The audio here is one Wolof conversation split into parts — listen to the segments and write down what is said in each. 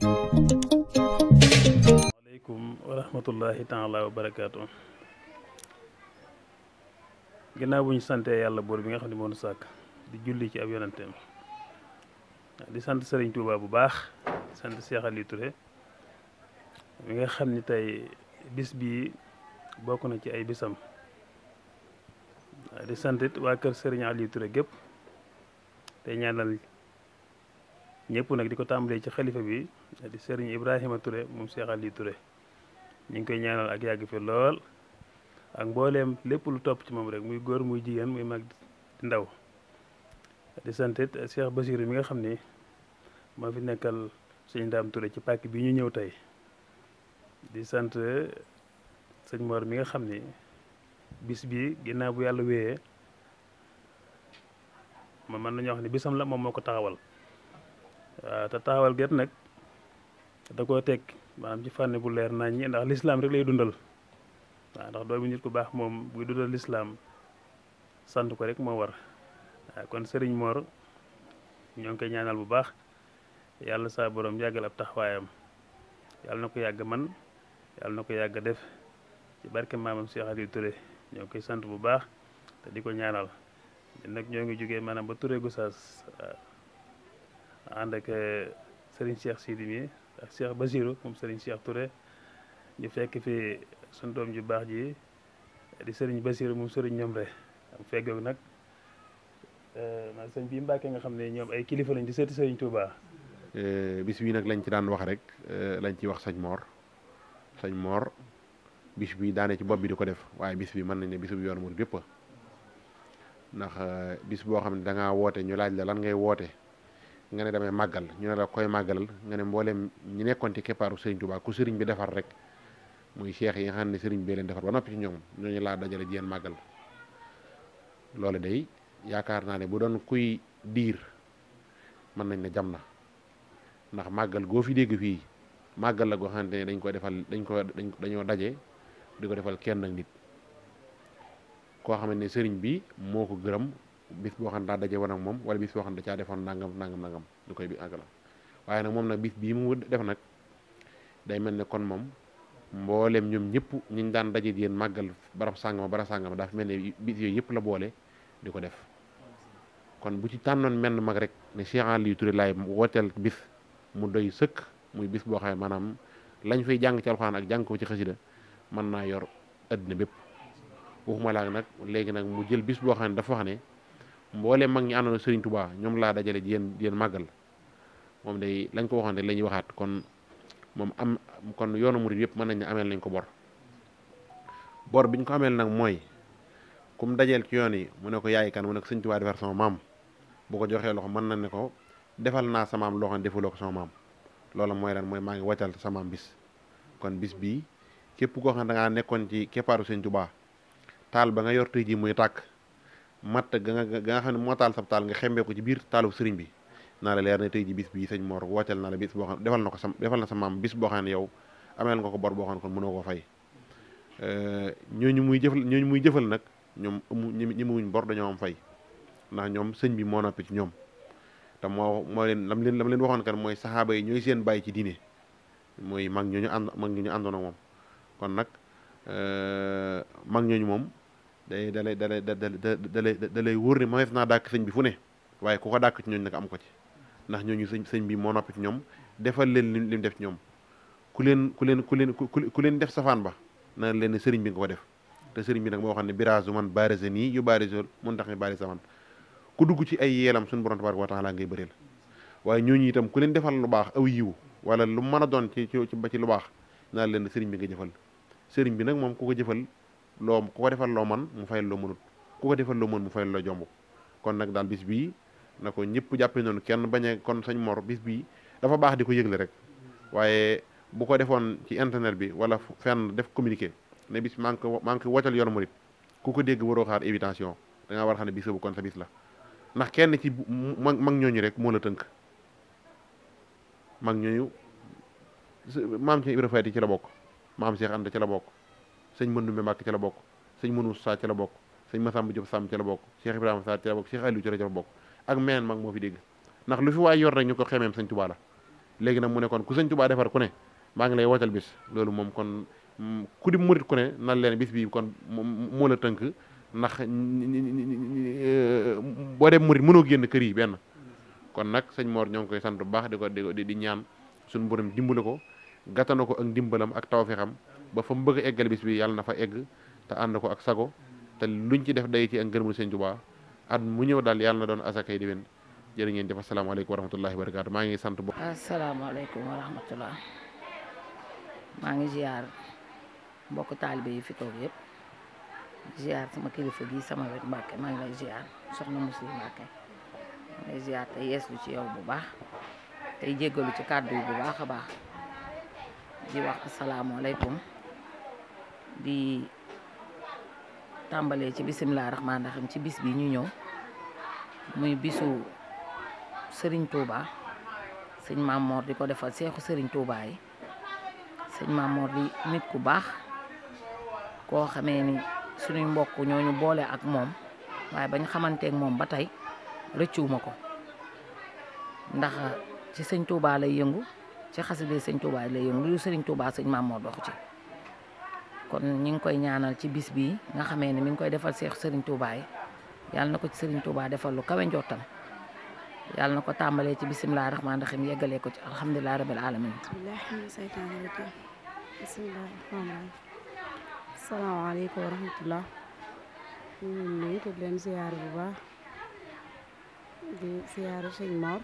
waaleykum wa rahmatullahi taala wa ginnaaw bu ñu santee yàlla buur bi nga xam ne moonu sàkk di julli ci ab yonanteem di sant Serigne Touba bu baax sant Cheikh Aliou mi nga xam ni tey bis bii bokk na ci ay bisam di sant it waa kër Serigne Aliou gépp te ñaanal ñépp nag di ko tàmbalee ci xalifa bi di sëriñ Ibrahima ture moom Cheikh yi ture ñu ngi koy ñaanal ak yàgg fi lool ak mbooleem lépp lu topp ci moom rek muy góor muy jigéen muy mag di ndaw di santit Cheikh Basirou mi nga xam ni moo fi nekkal sëñ Ndaam Touré ci pàkk bi ñu ñëw tey di sant sëñ Mor mi nga xam ni bis bi ginnaaw bu yàlla wéyee ma mën nañoo wax ne bisam la moom moo ko taxawal waaw ah, te taxawal gerte nag da koo teg maanaam ci fànn bu leer nañ ñi ndax lislaam rek lay dundal waaw ah, ndax doomu nit ku baax moom buy dundal lislaam sant ko rek moo war ah, kon sëriñ Mor ñoo ngi koy ñaanal bu baax yàlla saa borom yàggal ab taxawaayam yàlla na ko yàgg man yàlla na ko yàgg def ci barke maamam Cheikh Aliou Touré ñoo ngi koy sant bu baax te di ko ñaanal nag ñoo ngi maanaam ba Touré ànd ak eh, Serigne Cheikh Sidi mi ak Cheikh Basirou moom Serigne Cheikh Touré ñu fekk fi sunu doom ju baax ji di Serigne Basirou moom Serigne Ñomre am feggoog nag eh, man sëñ bi Mbàkke nga xam ne ñoom ay kilifa lañ di seeti Serigne Touba. Eh, bis bii nag lañ ci daan wax rek lañ ci wax sëñ Mor sëñ Mor bis bi daane ci bopp bi di ko def waaye bis bi mën nañ ne bisu yoon mu gépp ndax bis boo xam ne danga woote ñu laaj la lan ngay woote. nga ne damay màggal ñu ne la koy màggalal nga ne mbooleem ñu nekkoon ci keppaaru sëriñ Tuubaa ku sëriñ bi defar rek muy cheikh yi nga ne sëriñ bi leen defar ba noppi ci ñoom ñooñu laa dajale jeen màggal loolu day yaakaar naa ne bu doon kuy diir mën nañ ne jam na ndax màggal goo fi dégg fii màggal la goo xamante ne dañ ko defal dañ ko dañoo daje di ko defal kenn nag nit koo xamante ne sëriñ bi moo ko gërëm bis boo xam ne daa daje woon ak moom wala bis boo xam ne da caa defoon nangam nangam nangam ñu koy bi nag moom nag bis bii mu def nag day mel ne kon moom mboolem ñoom ñëpp ñu daan daje yéen màggal barab sàngama barab sàngama dafa mel ne bis yooyu yëpp la boole di ko def kon bu ci tànnoon menn mag rek ne Cheikh Aliou Touré laay wooteel bis mu doy sëkk muy bis boo xam ne maanaam lañ fay jàng ci ak jàng ko ci xasida mën naa yor addina bépp waxuma laag nag léegi nag mu jël bis boo xam ne dafa wax ne mboolee mag ñi àndoona Serigne Touba ñoom laa dajale ji yéen yéen màggal moom de lañ ko waxoon rek la ñuy waxaat kon moom am kon yoonu murid yëpp mën nañ ne ameel nañ ko bor bor biñ ko ameel nag mooy kum dajeel ci yoon yi mu ne ko yaay kan mu ne ko Serigne Touba defar sama maam bu ko joxee loxo mën na ne ko defal naa sama maam ne defuloo ko sama maam loola mooy rek mooy maa ngi wàccal sama maam bis kon bis bii képp koo xam ne da nekkoon ci keppaaru Serigne Touba taal ba nga yor tey ji muy tàkk matt ga nga ga nga xam ne moo taal sab taal nga xembee ko ci biir taalu sëriñ bi naa la leer ne tey ji bis bii sëñ Mor wooteel naa la bis boo xam ne defal na ko sa defal sa maam bis boo xam ne yow ameel nga ko bor boo xam ne kon mënoo koo fay ñooñu muy jëfal ñooñu muy jëfal nag ñoom amu ñemewuñ bor dañoo am fay ndax ñoom sëñ bi moo noppi ci ñoom te moo moo leen lam leen lam leen waxoon kan mooy saxaaba yi ñooy seen bàyyi ci diine mooy mag ñooñu ànd mag ñooñu àndoon ak moom kon nag mag ñooñu moom day dalay dalay dalay dalay wóor ne mënees naa dàkk sëñ bi fu ne waaye ku ko dàkk ci na nag am ko ci ndax ñooñu sëñ sëñ bi moo noppi ñoom defal leen lim def ñoom ku leen ku leen ku leen ku leen def safaan ba na leen sëriñ bi nga ko def te sëriñ bi nag moo xam ne biraasu man baarisa nii yu baarisul mun tax ni baarisa man ku dugg ci ay suñu borom tabaaraka wa taala ngay bëreel waaye ñooñu itam ku leen defal lu baax aw yiwu wala lu mën a doon ci ci ba ci lu baax naa leen sëriñ bi nga jëfal sëriñ bi nag moom ku ko jëfal loo ku ko defal loo man mu fayal loo mënut ku ko defal loo mën mu fayal loo jomb kon nag daal bis bii na ko ñëpp jàppee noonu kenn bañee kon sañ mor bis bii dafa baax di ko yëgle rek waaye bu ko defoon ci internet bi wala fenn def communiqué ne bis maa ngi ko maa ngi ko woccal ku ko dégg waroo xaar invitation da ngaa war xam ne bis bu kon sa bis la ndax kenn ci mag mag ñooñu rek moo la tënk mag ñooñu maam ci Ibra Faati ci la bokk maam Cheikh Anta ci la bokk sëñ Mëndumbe Mbàkke ca la bokk sëñ Mënu Saa ca la bokk sëñ Masamba Diop Samb ca la bokk Cheikh Ibrahima Sarr ca la bokk Cheikh Aliou ca la bokk ak meneen mag moo fi dégg ndax lu fi waay yor rek ñu ko xemeem sëñ Tuubaa la léegi nag mu ne kon ku sëñ Tuubaa defar ku ne maa ngi lay wootal bis loolu moom kon ku di murit ku ne nan leen bis bii kon moo la tënk ndax boo dem murit génn kër yi benn kon nag sëñ Mor ñoo ngi koy sant bu baax di ko di di ñaan suñu borom dimbale ko gàttana ko ak dimbalam ak tawfeexam ba fa mbeug eggal bis bi yalla na fa egg ta and ko ak sago te luñ ci def day ci ak ngërëmul sëñ Tuubaa at mu ñew dal yalla na doon di wen jërë ngeen def alaykum wa rahmatullahi wa barakatuh ma ngi sant bo alaykum wa rahmatullah ma ngi ziar mbokk taalibe yi fi toog ziar sama kilifa gi sama wet Mbàkke ma ngi lay ziar soxna Muslim Mbàkke ma ngi ziar te lu ci yow bu baax tey jéggalu ci kàddu bu baaxa baax di wax alaykum di tàmbalee ci bisimilah rahmaani rahim ci bis bi ñu ñëw muy bisu sëriñ Touba sëñ Maam di ko defal seexu sëriñ Touba yi sëñ Maam Mor di nit ku baax koo xamee ni suñuy mbokk ñooñu boole ak moom waaye bañ xamanteeg moom ba tey rëccuwuma ko ndax ci sëñ Touba lay yëngu ci xaside sëñ Touba lay yëngu lu Serigne Touba sëñ Maam Mor ci. kon ñu ngi koy ñaanal ci bis bi nga xamee ne mi ngi koy defal seex sëriñ Touba yi yàlla na ko ci sëriñ Touba defal lu kawe njottam yàlla na ko tàmbalee ci bisimilah rahmaani rahim yeggalee ko ci alhamdulilah rabil alamin bisimilah rahmaani rahim salaamaaleykum wa rahmatullah ñu ngi nuyu di leen ziyaar bu baax di ziyaar sëñ Mor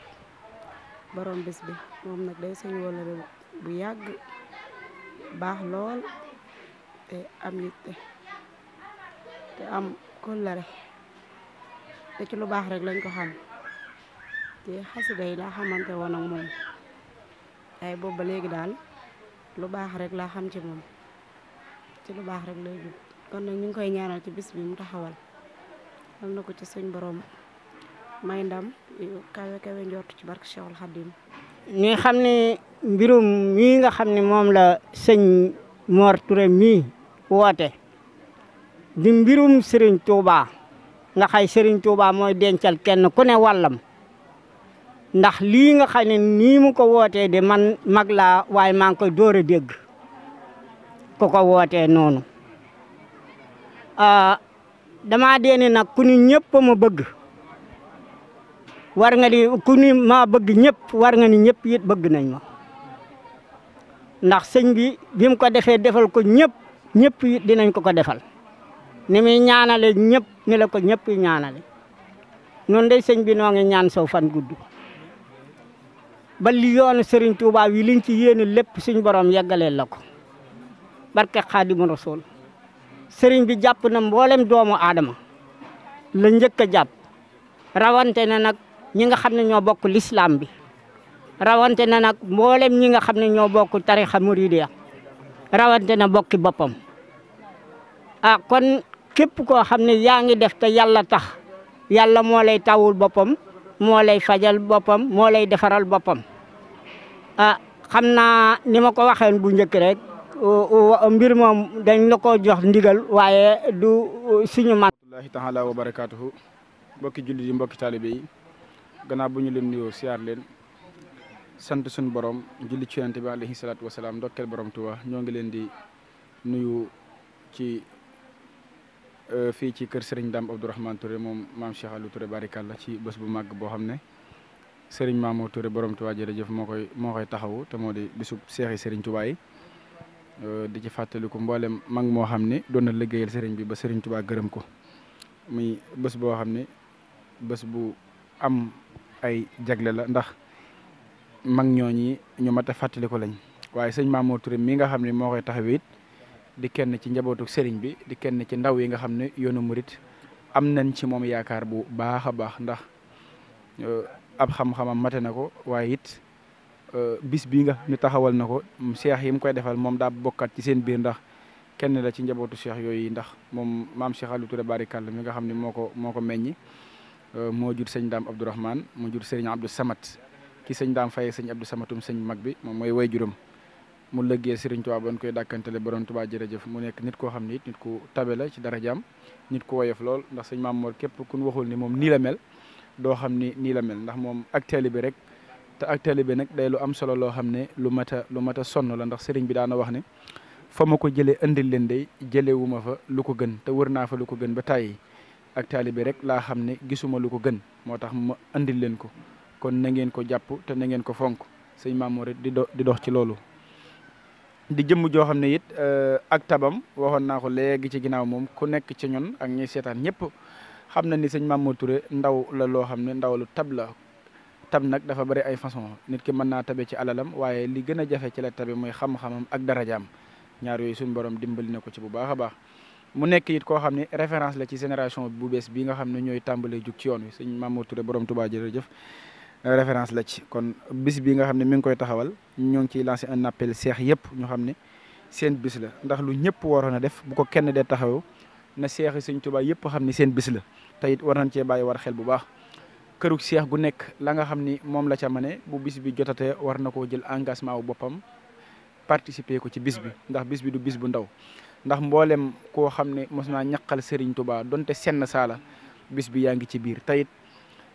borom bis bi moom nag day sëñ wala bu yàgg baax lool te am yitte te ci lu baax rek lañ ko xam te xasida yi laa xamante woon ak moom ay bob ba léegi daal lu baax rek laa xam ci moom ci lu baax rek lay jub kon nag ñu koy ñaanal ci bis bi mu taxawal am na ko ci suñ boroom may ndam kawe kawe njort ci barke Cheikhul Khadim ñuy xam ne mbirum mii nga xam ne moom la sëñ Mor Touré mii woote di mbirum Serigne Touba nga xay Serigne Touba mooy dencal kenn ku ne wàllam ndax lii nga xam ne mu ko wootee de man mag laa waaye maa ngi koy door dégg ku ko wootee noonu ah, damaa deene nag ku ni ñëpp bëgg war nga ni maa bëgg ñëpp war nga ni ñëpp it bëgg nañ ma ndax sëñ bi bi mu ko defee defal ko ñépp ñëpp it dinañ ko ko defal ni muy ñaanale ñëpp ni la ko ñëpp ñaanale noonu de sëñ bi noo ngi ñaan sow fan gudd bal li sëriñ Serigne Touba wi ci yéene lépp suñ borom yeggaleel la ko barke Xaadimu Rasuul sëriñ bi jàpp na mboolem doomu aadama la njëkk a jàpp rawante na nag ñi nga xam ne ñoo bokk lislaam bi rawante na nag mboolem ñi nga xam ne ñoo bokk tarixa muridiya rawante na bokki boppam ah kon képp koo xam ne yaa ngi def te yàlla tax yàlla moo lay tawul boppam moo lay fajal boppam moo lay defaral boppam ah xam naa ni ma ko waxeen bu njëkk rek mbir moom dañ na ko jox ndigal waaye du suñu man alaahi taala wa barakaatuhu mbokki julli yi mbokki taalibe yi gannaaw bu ñu leen nuyoo siyaar leen sant suñu borom julli ci yonent bi alayhi salaatu wasalaam ndokkeel borom Tuuba ñoo ngi leen di nuyu ci euh, fii ci kër Serigne Dame Abdourahmane Touré moom maam Cheikh Aliou Touré barikàlla ci bés bu màgg boo xam ne Serigne Mamadou Touré borom Tuuba jërëjëf moo koy moo koy taxawu te moo di bisub seexi Serigne Touba yi euh, di ci fàttaliku mboolem mag moo xam ne doon na liggéeyal Serigne bi ba Serigne Touba gërëm ko muy bës boo xam ne bës bu am ay jagle la ndax. mag ñooñi ñu mat a fàttaliku lañ waaye sëñ Mamour Touré mii nga xam ni moo koy taxawee di kenn ci njabootu sëriñ bi di kenn ci ndaw yi nga xam ne yoonu murit am nañ ci moom yaakaar bu baax a baax ndax euh, ab xam-xamam na ko waaye it euh, bis bii nga ñu taxawal na ko seex yi mu koy defal moom daa bokkaat ci seen biir ndax kenn la ci njabootu seex yooyu ndax moom maam Cheikh Aliou Touré mi nga xam ne moo ko moo ko meññi euh, moo jur sëñ Daam Abdourahman moo jur sëriñ Abdou Samat ci sëñ daam faye sëñ abdou samatum sëñ mag bi moom mooy way juróom mu lëggee sëriñ Tuubaa ba ñu koy dàkkantele borom Tuubaa jërëjëf mu nekk nit koo xam ne it nit ku tabe la ci darajaam nit ku woyof lool ndax sëñ Maam Mor képp kun waxul ni moom nii doo xam ni nii la ndax moom ak taalibe rek te ak taalibe nag day lu am solo loo xam ne lu mat a lu mat a sonn la ndax sëriñ bi daana wax ne fa ma ko jëlee indil leen day jëlee ma fa lu ko gën te wër naa fa ko gën ba tàyyi ak taalibe rek laa xam ne gisuma lu ko gën moo tax ma andil leen ko kon na ngeen ko jàpp te na ngeen ko fonk sëñ Mamour di do di dox ci loolu. di jëmm joo xam ne it euh, ak tabam waxoon naa ko léegi ci ginnaaw moom ku nekk ci ñun ak ñi seetaan ñëpp xam na ni sëñ Mamour Touré ndaw la loo xam ne ndaw lu tab la. tab nag dafa bari ay façon nit ki mën naa tabe ci alalam waaye li gën a jafe ci la tabe mooy xam-xamam ak darajaam ñaar yooyu suñu borom dimbali na ko ci bu baax a baax mu nekk it koo xam ne référence la ci génération bu bees bi nga xam ne ñooy tàmbalee jug ci yoon wi sëñ Mamour Touré borom Touba jërëjëf référence la ci kon bis bi nga xam ne mu ngi koy taxawal ñoo ngi ciy lancé un appel seex yëpp ñu xam ne seen bis la ndax lu ñëpp waroon a def bu ko kenn dee taxaw na seex yi Sëñ Tuubaa yëpp xam ni seen bis la te it war cee bàyyi war xel bu baax kërug seex gu nekk la nga xam ni moom la ca mane bu bis bi jotatee war na koo jël engagement wu boppam participer ko ci bis bi ndax bis bi du bis bu ndaw ndax mboolem koo xam ne mos naa ñaqal Serigne tubaa donte senn saala bis bi yaa ngi ci biir tayit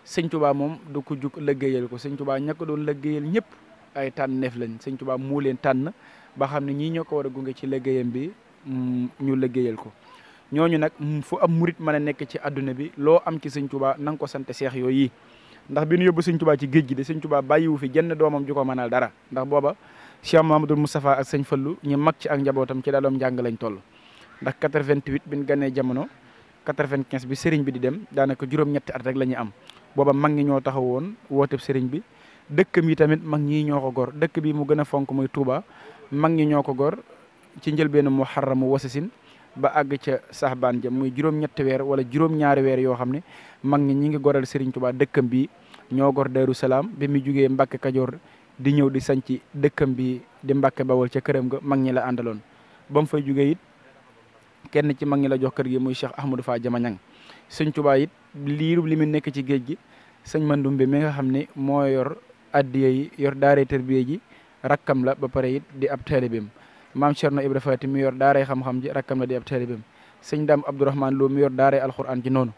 sëñ Tuba moom du ko jug lëggéeyal ko sëñ Tuba ña ko doon lëggéeyal ñëpp ay neef lañ sëñ Tuba moo leen tànn ba xam ne ñii ñoo ko war a gunge ci lëggéeyam bi mm, ñu lëggéeyal ko ñooñu nag mm, fo am murit mën a nekk ci àdduna bi loo am ci sëñ Tuba na nga ko sant seex yooyu ndax bi ñu yóbbu sëñ Tuba ci géej gi de sëñ Tuba bàyyiwu fi jenn doomam ju ko mënal dara ndax booba Cheikh Mamadou Moustapha ak sëñ Fallu ñu mag ci ak njabootam ci daloom njàng lañ toll ndax 88 bi ñu ganee jamono 95 bi sëriñ bi di dem daanaka juróom-ñetti la ñu am booba mag ñi ñoo taxaw woon wooteb sëriñ bi dëkkam yi tamit mag ñi ñoo ko gor dëkk bi mu gën a fonk muy Touba mag ñi ñoo ko gor ci mu njëlbéenu mu wasasin ba àgg ca saxbaan ja muy juróom-ñetti weer wala juróom-ñaari weer yoo xam ne mag ñi ñi ngi goral sëriñ Touba dëkkam bi ñoo gor Daaru Salaam bi mu jugee Mbàkke Kajoor di ñëw di sañc dëkkam bi di Mbàkke Bawol ca këram ga mag ñi la àndaloon ba mu fay jugee it kenn ci mag ñi la jox kër gi muy Cheikh Ahmadou Fa Jamañang Serigne Touba it liirub li mu nekk ci géej gi sëñ Mandumbe mi nga xam ne moo yor addiya yi yor daaray tarbiya ji rakkam la ba pare it di ab taalibeem maam Cerno Ibra Faati mi yor daaray xam-xam ji rakkam la di ab taalibeem sëñ Daam Abdourahmane Lo mi yor daaray alxuraan ji noonu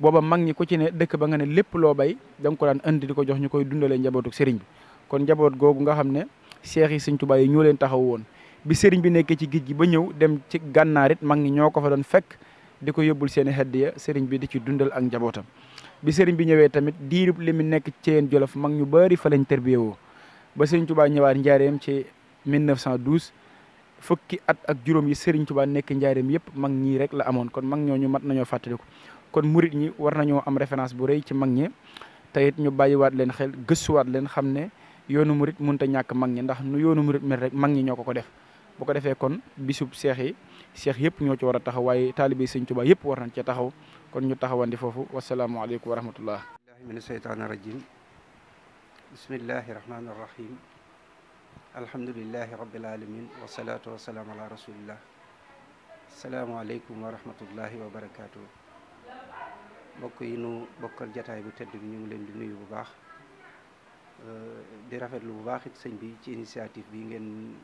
booba mag ñi ku ci ne dëkk ba nga ne lépp loo bay da ko daan indi di ko jox ñu koy dundalee njabootu sëriñ bi kon njaboot googu nga xam ne seex yi sëñ Tuubaa yi ñoo leen taxaw woon bi sëriñ bi nekkee ci géej gi ba ñëw dem ci gànnaar it mag ñi ñoo ko fa doon fekk di ko yóbbul seen i hadiya sëriñ bi di ci dundal ak njabootam bi sëriñ bi ñëwee tamit diirub li mu nekk Thièyène Jolof mag ñu bëri fa lañ terbiyewoo ba sëriñ Tuubaa ñëwaat njaareem ci 1912 fukki at ak juróom yi sëriñ Tuubaa nekk njaareem yëpp mag ñii rek la amoon kon mag ñoo ñu mat nañoo fàttaliku kon murit ñi war nañoo am référence bu rëy ci mag ñi te it ñu bàyyiwaat leen xel gëstuwaat leen xam ne yoonu murit mënut a ñàkk mag ñi ndax nu yoonu murit mel rek mag ñi ñoo ko ko def bu ko defee kon bisub seex cheikh yëpp ñoo ci war a taxaw waaye taalibe sëñ Tuubaa yëpp war nañ cee taxaw kon ñu taxawandi foofu wasalaamualeykum wa rahmatullah billahi min asheytaan arajim bismillahi rahmani rahim alhamdulilahi rabbil alamin wasalatu wasalaam ala rasulillah asalaamualeykum wa rahmatullahi wa barakatuh mbokk yi nu bokkal jataay bu tedd bi ñu ngi leen di nuyu bu baax euh, di rafetlu bu baax it sëñ bi ci initiative bi ngeen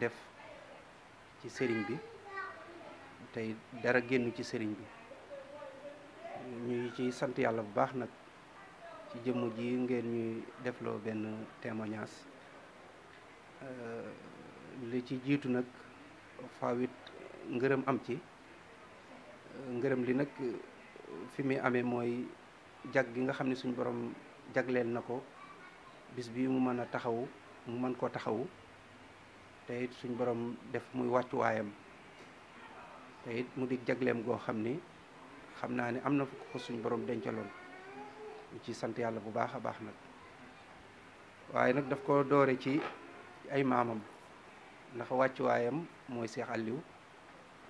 def ci sëriñ bi tay dara gennu ci serigne bi ñu ci sant yalla bu baax nak ci jëm ji ngeen ñuy lo ben témoignage euh, li ci jitu nak faawit ngeureum am ci ngeureum li nak fi mi amé moy jag gi nga xamni suñu borom jaglel nako bis bi mu meuna mu man ko taxawu tayit suñu borom def muy wayam te it mu di jagleem goo xam ni xam naa ni am na fu ko suñ borom dencaloon ñu ci sant yàlla bu baax a baax nag waaye nag daf ko doore ci ay maamam ndax wàccuwaayam mooy Seex Aliou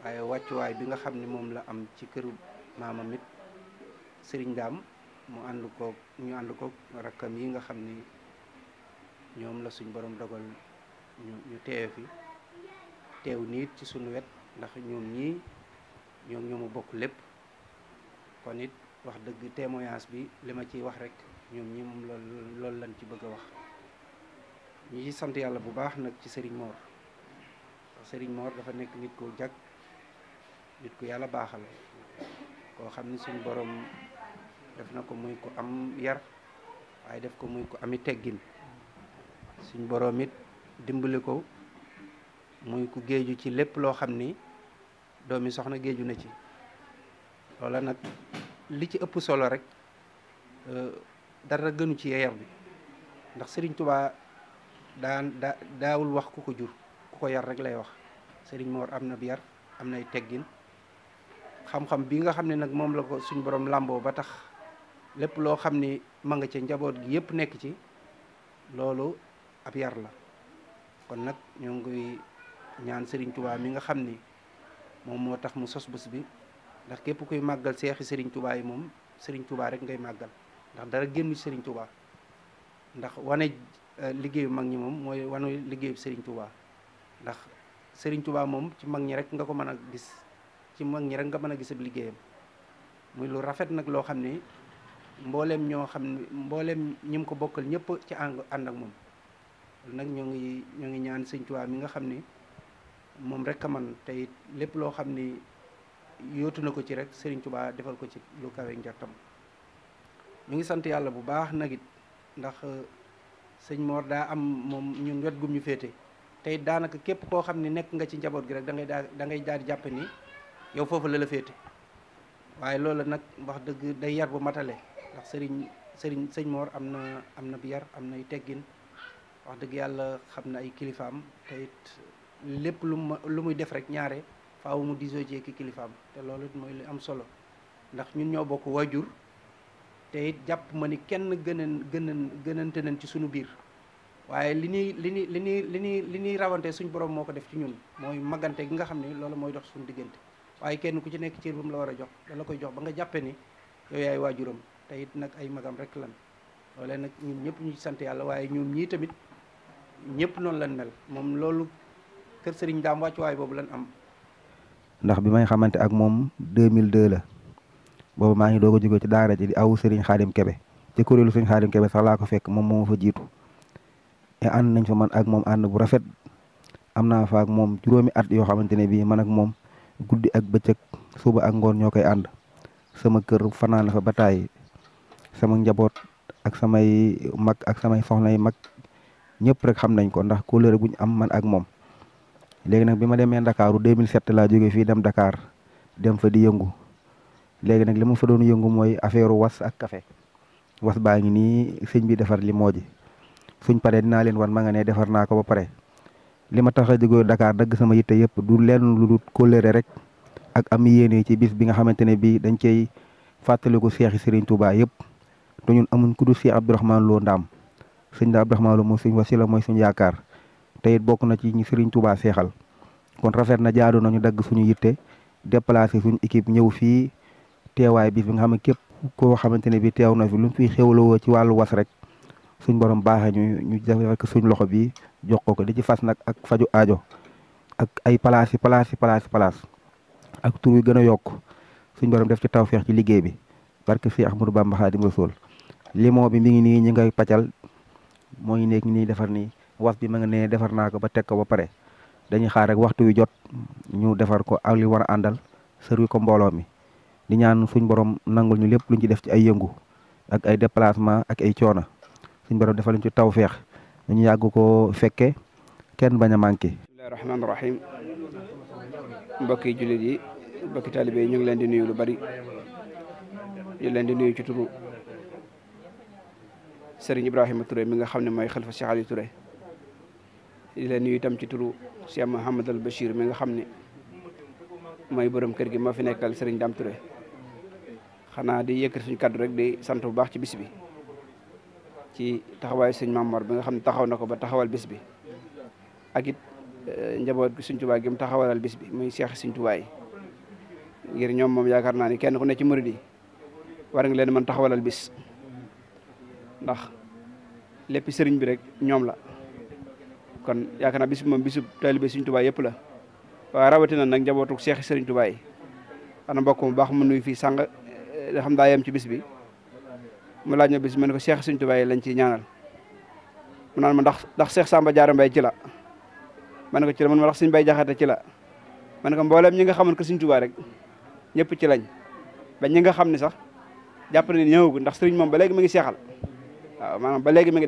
waaye wàccuwaay bi nga xam ni moom la am ci kër maamam it sëriñ daam mu ànd ko ñu ànd ko rakkam yi nga xam ni ñoom la suñ borom dogal ñu ñu fi teew niit ci suñu wet ndax ñoom ñii ñoom ñoo ma bokk lépp kon it wax dëgg témoignage bi li ma ciy wax rek ñoom ñi moom loolu loolu lañ ci bëgg a wax ñu ci sant yàlla bu baax nag ci Serigne Mor ndax Serigne Mor dafa nekk nit ko jag nit ku yàlla baaxal koo xam ne suñu borom def na ko muy ko am yar waaye def ko muy ko ami teggin suñ borom it dimbali ko muy ku géeju ci lépp loo xam ni doomi soxna géeju na ci loola nag li ci ëpp solo rek euh, dara gënu ci yeyar bi ndax sëriñ tubaa daan da daawul wax ku ko jur ku ko yar rek lay wax sëriñ moor am na bi yar am teggin xam-xam bi nga xam ne nag moom la ko suñ borom làmboo ba tax lépp loo xam ni ma nga ca njaboot gi yépp nekk ci loolu ab yar la kon nag ñu ngi ñaan Serigne Touba mi nga xam ni moom moo tax mu sos bés bi ndax képp kuy màggal seexi Serigne Touba yi moom Serigne Touba rek ngay màggal ndax dara génn ci Serigne ndax wane euh, liggéeyu mag ñi moom mooy wane liggéeyu Serigne Touba ndax sëriñ tubaa moom ci mag ñi rek nga ko mën a gis ci mag ñi rek nga mën a gis liggéeyam muy lu rafet nag loo xam ni mbooleem ñoo xam ne mbooleem ñi mu ko bokkal ñëpp ci ànd ànd ak moom nag ñoo ngi ñoo ngi ñaan Serigne Touba mi nga xam ne. moom rek a man tey lépp loo xam ni yootu na ko ci rek Serigne Touba defal ko ci lu kawe njortam ñu ngi sant yàlla bu baax nag it ndax euh, sëñ moor daa am moom ñun wet gum ñu féete tey daanaka képp koo xam ni nekk nga ci njaboot gi rek dangay ngay daa da ngay daal di jàpp ni yow foofu la la féete waaye loolu nag wax dëgg day yar bu matale ndax sëriñ Serigne sëñ Mor am na am na bu yar am nay teggin wax dëgg yàlla xam na ay kilifaam te lépp lu mu lu muy def rek ñaare faaw mu diso jee ki kilifaam te loolu mooy li am solo ndax ñun ñoo bokk waajur te it jàpp ma ni kenn gënan gënan gënante nañ ci suñu biir waaye li ñuy li ñuy li ñuy li ñuy li ñuy rawante suñ borom moo ko def ci ñun mooy magante gi nga xam ne loolu mooy dox suñu diggante waaye kenn ku ci nekk cër bu mu la war a jox dala koy jox ba nga jàppe ni yow yaay waajuram te nag ay magam rek lan loolee nag ñun ñëpp ñu ci sant yàlla waaye ñoom ñii tamit ñëpp noonu lan kër sëriñ daam wàccuwaay boobu lan am ndax bi may xamante ak moom 2002 la boobu maa ngi doog a jóge ci daara ji di aw sëriñ xaadim kebe ci kuréelu sëriñ xaadim kebe sax laa ko fekk moom moo fa jiitu te ànd nañ fa man ak moom ànd bu rafet am naa fa ak moom juróomi at yoo xamante ne bii man ak moom guddi ak bëccëg suba ak ngoon ñoo koy ànd sama kër fanaan fa ba tàyyi sama njaboot ak samay mag ak samay soxna yi mag ñëpp rek xam nañ ko ndax kóllëre guñ am man ak moom légui nak bima démé Dakar, 2007 la jogé fi dem Dakar dem fa di yëngu légui nak limu fa doon yëngu moy affaireu was ak café was baangi ni señ bi défar li moji suñ paré dina len wan ma nga né défar ba pare Lima taxé tax Dakar dag sama yitté yépp du lenn lu dul rek ak am yéné ci bis bi nga xamante ne bii dañ cey ko cheikh Serigne Touba yépp do ñun amuñ ku Cheikh abdourahman Lo ndam da suñ wasila moy suñ yakar te it bokk na ci ñi Serigne Touba seexal kon rafet na jaadu nañu dagg suñu yitte déplacé suñu équipe ñëw fii teewaay bi fi nga xam ne képp ko xamante tene bi teew na fi lu mu fiy xewloo ci wàllu was rek suñ borom baaxee ñu ñu def loxo bi jox ko ko di ci fas nak ak faju aajo ak ay palaas yi palaas yi ak tur yu gën a borom def ci tawféex ci liggéey bi barke fi Ahmadou Bamba Xaadimu Rasuul limo bi mi ngi nii ñi ngay paccal nek ni defar ni was bi ma nga ne defar na ko ba tek ko ba pare dañuy xaar rek waxtu wi jot ñu defar ko ak li war andal àndal sërwi ko mbolo mi di ñaan suñ borom nangul ñu lepp luñ ci def ci ay yëngu ak ay déplacement ak ay ciona suñ borom defal ñu ci tawfiq ñu yag ko fekke kenn baña a manqué. bismillahi rahmaani rahim mbokki jullit yi mbokk talibé ñu ngi leen di nuyu lu bari ñu leen di nuyu ci turu Serigne Ibrahima Touré mi nga xamné moy khalifa Cheikh Ali Touré di la nuyu tam ci turu Cheikh mohammed al bashir mi nga xamne ne borom kër gi ma fi nekkal Serigne dam Touré xana di yëkkati suñu kaddu rek di sant bu baax ci bis bi ci taxaway serigne Mamor bi nga xamne taxaw nako ba taxawal bis bi ak it eh, njabot gi serigne touba gi mu taxawalal bis bi muy Cheikh serigne touba yi ngir ñom mom yaakar na ni kenn ku ne ci mouride war nga leen man taxawalal bis ndax lepp serigne bi rek ñom la kon yakana naa bis bisu taalibe Sëriñ Tuubaa ya, yëpp la waaye rawatina nag njabootu Cheikh Sëriñ Tuubaa yi ana mbokk mu baax mu nuyu fi sàng eh, da xam daa yem ci bis bi mu laaj ma bis ma ko Cheikh Sëriñ Tuubaa yi lañ ciy ñaanal mu naan ma ndax ndax Cheikh Samba Diarra Mbaye ci la ma ko ci la man ma ndax Sëriñ Bay Jaxate ci la ma ko kan mbooleem ñi nga xamoon ko Sëriñ Tuubaa rek ñëpp ci lañ ba ñi nga xam sax jàpp na ne ndax sëriñ moom ba léegi mi ngi seexal waaw ba mi ngi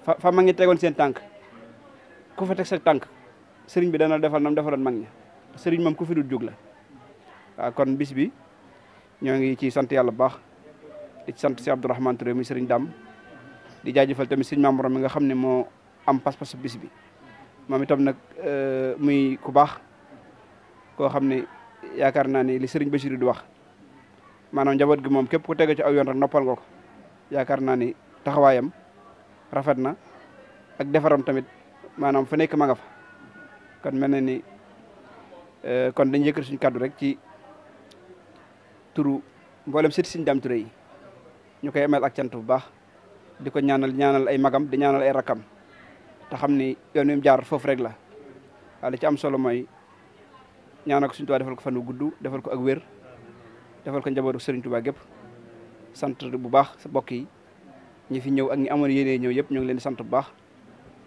fa ma ngi tegoon sen tank ku fa tek sa tank serigne bi dana defal nam defal mag ña sëriñ moom ku fi dul jóg la kon bis bi ñoo ngi ciy sant yàlla di sante cheikh abdourahman Touré mi serigne Dam di jajeufal tamit serigne mam mi nga xam mo am pas pass bis bi mom itam euh muy ku bax ko xam yaakar na ni li serigne Bachir di wax manam njaboot gi mom kep ku tege ci aw yon rek noppal ngoko yaakar na ni taxawayam rafetna ak defaram tamit manam fa nek ma nga fa kon melni ni ni eh, kon dañu yëkkati suñu cadeau rek ci turu mbolam sët suñu dam turé yi ñukay koy amal ak cant bu baax diko ñaanal ñaanal ay magam di ñaanal ay rakam ta xamni ni yoon jaar fofu rek la ala ci am solo moy ñaan ak suñu tuba defal ko fan wu gudd defal ko ak wër defal ko njabootu Sëriñ Tuubaa gep sante bu baax sa bokki ñi fi ñew ak ñi amone yene ñew yep ñu ngi leen sante bu baax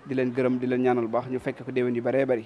di leen gërëm di leen ñaanal baax ñu fekk fa déwén yu bëree bëri